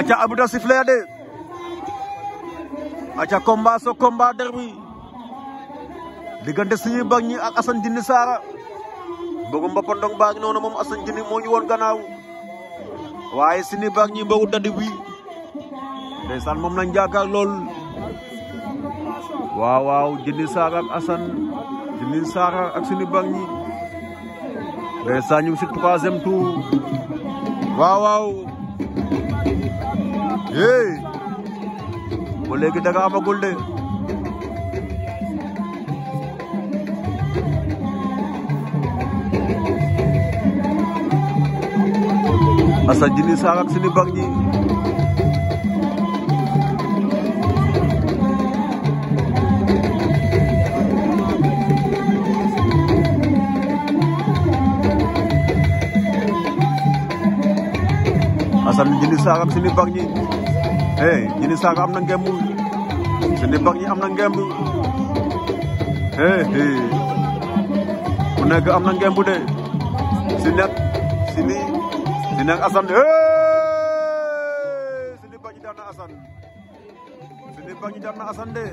aca abu sifle a de aca combat so combat derby di suñu sini bangi ak jenis Sara mbogu mbappa dong bangi ngi mom moom jenis Djini nyuwon ñu woon gannaaw bangi suñu bag ñi mbogu dadi wi ndeysaan moom lañ jàkkaar Sara ak jenis Sara ak suñu bangi. Desan ndeysaan ñu tu. si yéey ba léegi daga amagul de Assane Djily Sarr ak sunu bag ñi Assane Djily Sakho ak Seny Bargny hey Djily Sakho am na ngemb Seny Bargny am na ngemb hey hey ku nekk am na ngemb de Seny ak Seny Seny ak Assane hey Seny Bargny daan na Assane Seny Bargny daan na Assane de.